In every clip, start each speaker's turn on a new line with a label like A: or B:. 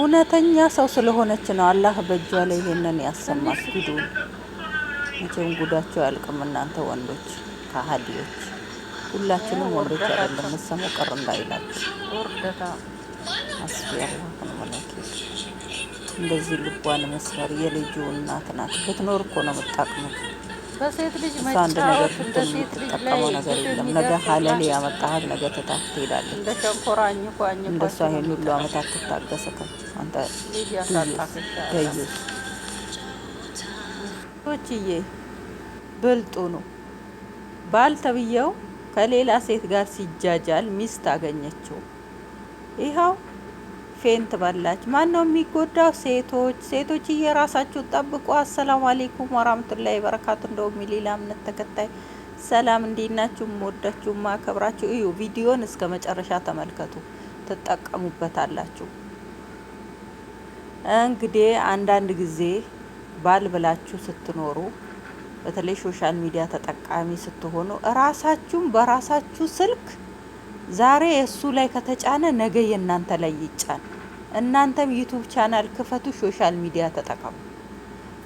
A: እውነተኛ ሰው ስለሆነች ነው። አላህ በእጇ ላይ ይሄንን ያሰማት። ጉዱ መቼም ጉዳቸው አያልቅም። እናንተ ወንዶች ከሀዲዎች፣ ሁላችንም ወንዶች አይደለም። የምትሰሙ ቅር እንዳይላችሁ እንደዚህ ልቧን መስበር የልጁ እናት ናት። ብትኖር እኮ ነው የምታቅመው አንድ ነገር የምትጠቀመው ነገር የለም። ነገ ሀለል ያመጣሃል፣ ነገ ትታህ ትሄዳለህ። እንደሷ ይሄን ሁሉ አመታት ትታገሰከም አንተ ገዩ ቶችዬ ብልጡ ነው ባል ተብዬው ከሌላ ሴት ጋር ሲጃጃል ሚስት አገኘችው ይኸው ፌንት በላች። ማን ነው የሚጎዳው? ሴቶች ሴቶች እየራሳችሁ ጠብቁ። አሰላሙ አሌይኩም ወራህመቱላሂ በረካቱ። እንደው የሌላ እምነት ተከታይ ሰላም፣ እንዲናችሁ ወዳችሁ ማከብራችሁ፣ እዩ ቪዲዮን እስከ መጨረሻ ተመልከቱ፣ ትጠቀሙበታላችሁ። እንግዲህ አንዳንድ ጊዜ ባል ብላችሁ ስትኖሩ በተለይ ሶሻል ሚዲያ ተጠቃሚ ስትሆኑ እራሳችሁም በራሳችሁ ስልክ ዛሬ እሱ ላይ ከተጫነ ነገ የእናንተ ላይ ይጫን። እናንተም ዩቱብ ቻናል ክፈቱ፣ ሶሻል ሚዲያ ተጠቀሙ።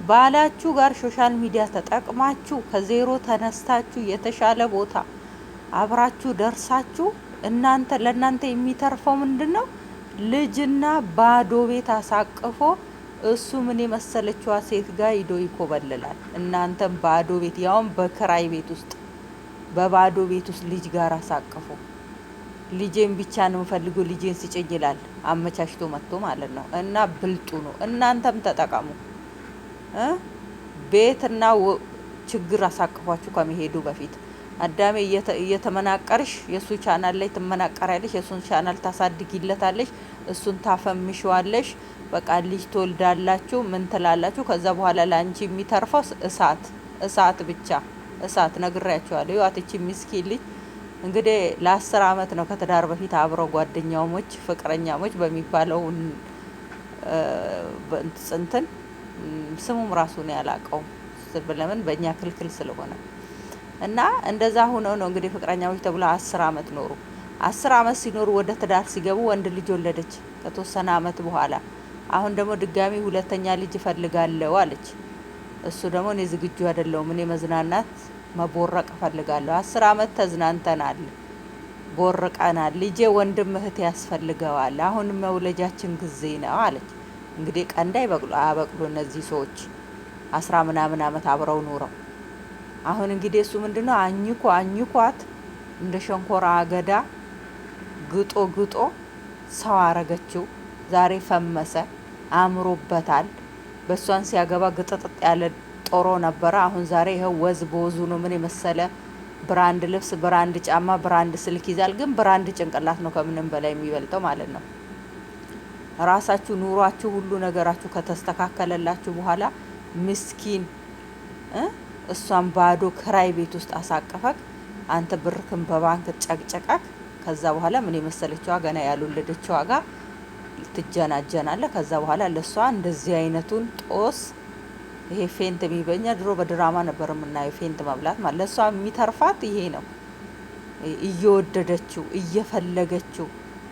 A: ባላችሁ ጋር ሶሻል ሚዲያ ተጠቅማችሁ ከዜሮ ተነስታችሁ የተሻለ ቦታ አብራችሁ ደርሳችሁ እናንተ ለእናንተ የሚተርፈው ምንድን ነው? ልጅና ባዶ ቤት አሳቅፎ እሱ ምን የመሰለችዋ ሴት ጋር ሂዶ ይኮበልላል። እናንተም ባዶ ቤት ያውም በክራይ ቤት ውስጥ በባዶ ቤት ውስጥ ልጅ ጋር አሳቅፎ ልጄን ብቻ ነው ፈልጎ ልጄን ስጭኝ ይላል። አመቻችቶ መጥቶ ማለት ነው። እና ብልጡ ነው። እናንተም ተጠቀሙ። ቤትና ችግር አሳቅፏችሁ ከመሄዱ በፊት አዳሜ እየተመናቀርሽ የእሱ ቻናል ላይ ትመናቀራለሽ፣ የእሱን ቻናል ታሳድጊለታለሽ። እሱን ታፈምሸዋለሽ። በቃ ልጅ ትወልዳላችሁ። ምን ትላላችሁ? ከዛ በኋላ ለአንቺ የሚተርፈው እሳት እሳት ብቻ እሳት። ነግሬያችኋለሁ። ይዋትቺ ሚስኪን ልጅ እንግዲህ ለአስር አመት ነው ከትዳር በፊት አብረው ጓደኛሞች ፍቅረኛሞች በሚባለው ጽንትን ስሙም ራሱን ያላቀው ለምን በእኛ ክልክል ስለሆነ እና እንደዛ ሆነው ነው እንግዲህ ፍቅረኛሞች ተብሎ አስር አመት ኖሩ። አስር አመት ሲኖሩ ወደ ትዳር ሲገቡ ወንድ ልጅ ወለደች ከተወሰነ አመት በኋላ። አሁን ደግሞ ድጋሚ ሁለተኛ ልጅ እፈልጋለሁ አለች። እሱ ደግሞ እኔ ዝግጁ አይደለሁም እኔ መዝናናት መቦረቅ እፈልጋለሁ። አስር አመት ተዝናንተናል፣ ቦርቀናል። ልጄ ወንድም እህት ያስፈልገዋል። አሁን መውለጃችን ጊዜ ነው አለች። እንግዲህ ቀንድ አይበቅሉ አበቅሉ እነዚህ ሰዎች አስራ ምናምን አመት አብረው ኑረው አሁን እንግዲህ እሱ ምንድነው አኝኮ አኝኳት እንደ ሸንኮራ አገዳ ግጦ ግጦ ሰው አረገችው። ዛሬ ፈመሰ አምሮበታል። በእሷን ሲያገባ ግጥጥጥ ያለ ጦሮ ነበረ። አሁን ዛሬ ይኸው ወዝ በወዙ ነው። ምን የመሰለ ብራንድ ልብስ፣ ብራንድ ጫማ፣ ብራንድ ስልክ ይዛል። ግን ብራንድ ጭንቅላት ነው ከምንም በላይ የሚበልጠው ማለት ነው። ራሳችሁ ኑሯችሁ፣ ሁሉ ነገራችሁ ከተስተካከለላችሁ በኋላ ምስኪን እሷን ባዶ ክራይ ቤት ውስጥ አሳቀፈክ አንተ ብርክን በባንክ ጨቅጨቃክ። ከዛ በኋላ ምን የመሰለችዋ ገና ያልወለደችዋ ጋር ትጀናጀናለ። ከዛ በኋላ ለእሷ እንደዚህ አይነቱን ጦስ ይሄ ፌንት በእኛ ድሮ በድራማ ነበር የምናየው ፌንት መብላት ማለት ለእሷ የሚተርፋት ይሄ ነው። እየወደደችው እየፈለገችው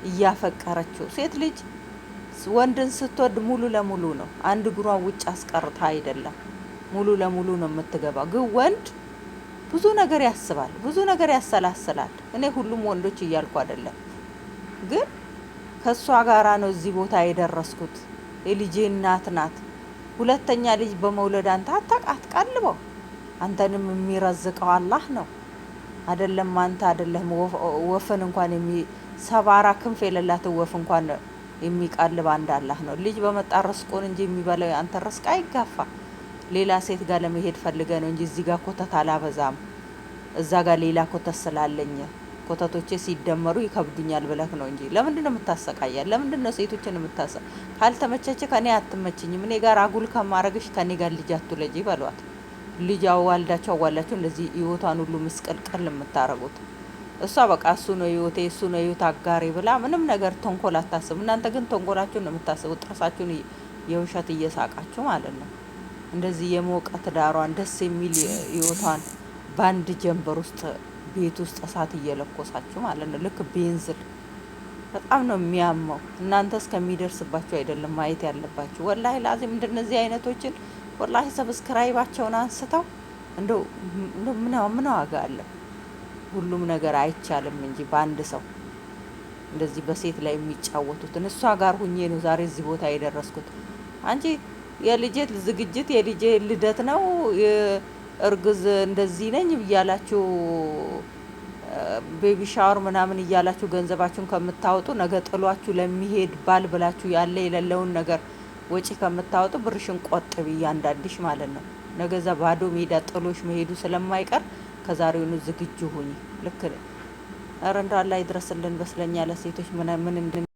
A: እያፈቀረችው ሴት ልጅ ወንድን ስትወድ ሙሉ ለሙሉ ነው። አንድ እግሯን ውጭ አስቀርታ አይደለም ሙሉ ለሙሉ ነው የምትገባው። ግን ወንድ ብዙ ነገር ያስባል፣ ብዙ ነገር ያሰላስላል። እኔ ሁሉም ወንዶች እያልኩ አይደለም፣ ግን ከእሷ ጋራ ነው እዚህ ቦታ የደረስኩት። የልጄ እናት ናት ሁለተኛ ልጅ በመውለድ አንተ አታቃትቀልበው። አንተንም የሚረዝቀው አላህ ነው አይደለም። አንተ አይደለም ወፍን እንኳን ሰባራ ክንፍ የሌላት ወፍ እንኳን የሚቀልብ አንድ አላህ ነው። ልጅ በመጣ ርስቁን እንጂ የሚበላው አንተ ርስቅ አይጋፋ። ሌላ ሴት ጋር ለመሄድ ፈልገ ነው እንጂ እዚህ ጋር ኮተት አላበዛም፣ እዛ ጋር ሌላ ኮተት ስላለኝ ኮተቶቼ ሲደመሩ ይከብዱኛል ብለህ ነው እንጂ ለምንድን ነው የምታሰቃያል? ለምንድን ነው ሴቶችን የምታሰ ካልተመቸች ከኔ አትመችኝም፣ እኔ ጋር አጉል ከማረግሽ ከኔ ጋር ልጅ አትውለጂ በሏት። ልጅ አዋልዳቸው አዋላቸው እንደዚህ ህይወቷን ሁሉ ምስቅልቅል የምታረጉት እሷ በቃ እሱ ነው ህይወቴ፣ እሱ ነው ህይወት አጋሪ ብላ ምንም ነገር ተንኮል አታስብ። እናንተ ግን ተንኮላችሁን ነው የምታስቡ፣ ጥርሳችሁን የውሸት እየሳቃችሁ ማለት ነው። እንደዚህ የሞቀ ትዳሯን ደስ የሚል ህይወቷን በአንድ ጀንበር ውስጥ ቤት ውስጥ እሳት እየለኮሳችሁ ማለት ነው። ልክ ቤንዝል በጣም ነው የሚያመው። እናንተ እስከሚደርስባችሁ አይደለም ማየት ያለባችሁ። ወላሂ ላዚም እንደነዚህ አይነቶችን ወላሂ ሰብስክራይባቸውን አንስተው እንደው ምን ዋጋ አለው? ሁሉም ነገር አይቻልም እንጂ በአንድ ሰው እንደዚህ በሴት ላይ የሚጫወቱትን እሷ ጋር ሁኜ ነው ዛሬ እዚህ ቦታ የደረስኩት። አንቺ የልጄ ዝግጅት የልጄ ልደት ነው እርግዝ እንደዚህ ነኝ እያላችሁ ቤቢ ሻወር ምናምን እያላችሁ ገንዘባችሁን ከምታወጡ ነገ ጥሏችሁ ለሚሄድ ባል ብላችሁ ያለ የሌለውን ነገር ወጪ ከምታወጡ ብርሽን ቆጥቢ እያንዳንድሽ ማለት ነው። ነገዛ ባዶ ሜዳ ጥሎሽ መሄዱ ስለማይቀር ከዛሬውኑ ዝግጁ ሁኝ። ልክ ረንዳ ላይ ድረስልን በስለኛ ለሴቶች ምን ምን